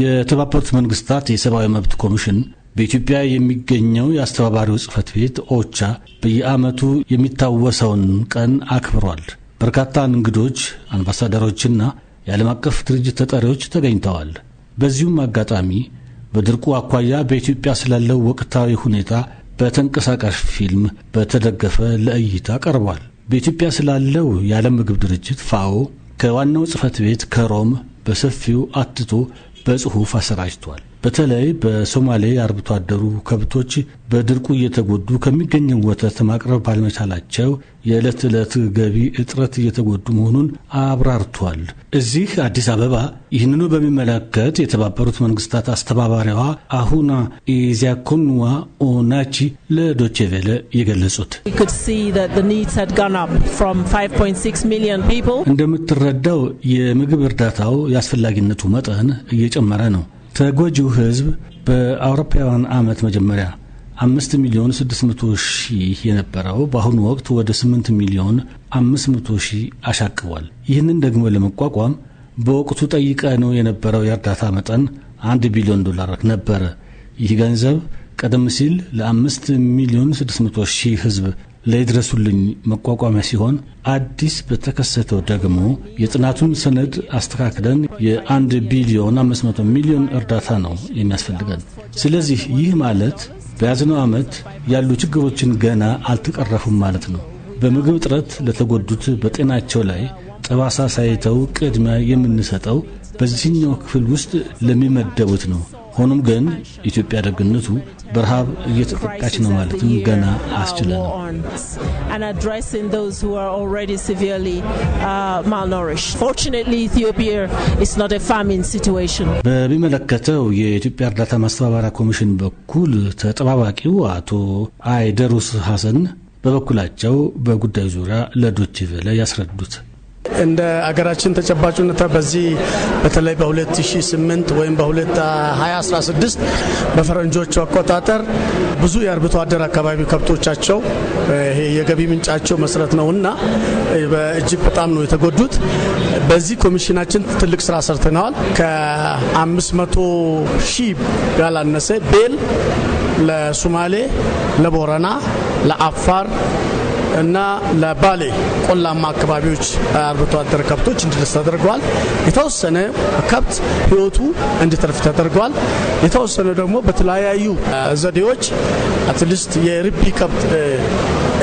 የተባበሩት መንግስታት የሰብአዊ መብት ኮሚሽን በኢትዮጵያ የሚገኘው የአስተባባሪው ጽህፈት ቤት ኦቻ በየዓመቱ የሚታወሰውን ቀን አክብሯል። በርካታ እንግዶች፣ አምባሳደሮችና የዓለም አቀፍ ድርጅት ተጠሪዎች ተገኝተዋል። በዚሁም አጋጣሚ በድርቁ አኳያ በኢትዮጵያ ስላለው ወቅታዊ ሁኔታ በተንቀሳቃሽ ፊልም በተደገፈ ለእይታ ቀርቧል። በኢትዮጵያ ስላለው የዓለም ምግብ ድርጅት ፋኦ ከዋናው ጽህፈት ቤት ከሮም በሰፊው አትቶ para o Rufa Sarai በተለይ በሶማሌ አርብቶ አደሩ ከብቶች በድርቁ እየተጎዱ ከሚገኘው ወተት ማቅረብ ባለመቻላቸው የዕለት ዕለት ገቢ እጥረት እየተጎዱ መሆኑን አብራርቷል። እዚህ አዲስ አበባ ይህንኑ በሚመለከት የተባበሩት መንግስታት አስተባባሪዋ አሁና ኢዚያኮንዋ ኦናቺ ለዶቼ ቬለ የገለጹት እንደምትረዳው የምግብ እርዳታው የአስፈላጊነቱ መጠን እየጨመረ ነው። ተጎጂው ህዝብ በአውሮፓውያን አመት መጀመሪያ አምስት ሚሊዮን ስድስት መቶ ሺህ የነበረው በአሁኑ ወቅት ወደ ስምንት ሚሊዮን አምስት መቶ ሺህ አሻቅቧል። ይህንን ደግሞ ለመቋቋም በወቅቱ ጠይቀ ነው የነበረው የእርዳታ መጠን አንድ ቢሊዮን ዶላር ነበረ። ይህ ገንዘብ ቀደም ሲል ለአምስት ሚሊዮን ስድስት መቶ ሺህ ህዝብ ለይድረሱልኝ መቋቋሚያ ሲሆን አዲስ በተከሰተው ደግሞ የጥናቱን ሰነድ አስተካክለን የአንድ ቢሊዮን 500 ሚሊዮን እርዳታ ነው የሚያስፈልገን። ስለዚህ ይህ ማለት በያዝነው ዓመት ያሉ ችግሮችን ገና አልተቀረፉም ማለት ነው። በምግብ እጥረት ለተጎዱት በጤናቸው ላይ ጠባሳ ሳይተው ቅድሚያ የምንሰጠው በዚህኛው ክፍል ውስጥ ለሚመደቡት ነው። ሆኖም ግን ኢትዮጵያ ደግነቱ በረሃብ እየተጠቃች ነው ማለትም ገና አስችለናል። uh, በሚመለከተው የኢትዮጵያ እርዳታ ማስተባበሪያ ኮሚሽን በኩል ተጠባባቂው አቶ አይደሩስ ሀሰን በበኩላቸው በጉዳዩ ዙሪያ ለዶቼ ያስረዱት እንደ አገራችን ተጨባጭ ሁኔታ በዚህ በተለይ በ2008 ወይም በ2016 በፈረንጆቹ አቆጣጠር ብዙ የአርብቶ አደር አካባቢ ከብቶቻቸው የገቢ ምንጫቸው መሰረት ነው እና እጅግ በጣም ነው የተጎዱት። በዚህ ኮሚሽናችን ትልቅ ስራ ሰርተነዋል። ከ500 ሺህ ያላነሰ ቤል ለሱማሌ፣ ለቦረና፣ ለአፋር እና ለባሌ ቆላማ አካባቢዎች አርብቶ አደር ከብቶች እንዲደርስ ተደርገዋል። የተወሰነ ከብት ህይወቱ እንዲተርፍ ተደርገዋል። የተወሰነ ደግሞ በተለያዩ ዘዴዎች አትሊስት የርቢ ከብት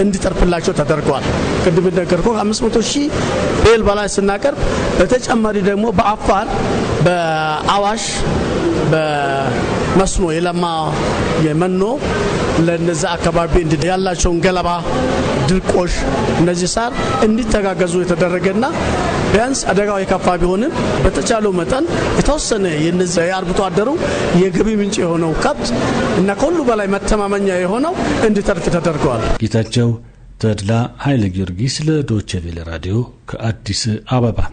እንዲጠርፍላቸው ተደርገዋል። ቅድም ነገርኩ ከአምስት መቶ ሺህ ቤል በላይ ስናቀርብ በተጨማሪ ደግሞ በአፋር በአዋሽ በመስኖ የለማ የመኖ ለነዛ አካባቢ ያላቸውን ገለባ፣ ድርቆሽ፣ እነዚህ ሳር እንዲተጋገዙ የተደረገና ቢያንስ አደጋው የከፋ ቢሆንም በተቻለው መጠን የተወሰነ የነዚህ የአርብቶ አደሩ የገቢ ምንጭ የሆነው ከብት እና ከሁሉ በላይ መተማመኛ የሆነው እንዲተርፍ ተደርገዋል። ጌታቸው ተድላ ኃይለ ጊዮርጊስ ለዶቼ ቬለ ራዲዮ ከአዲስ አበባ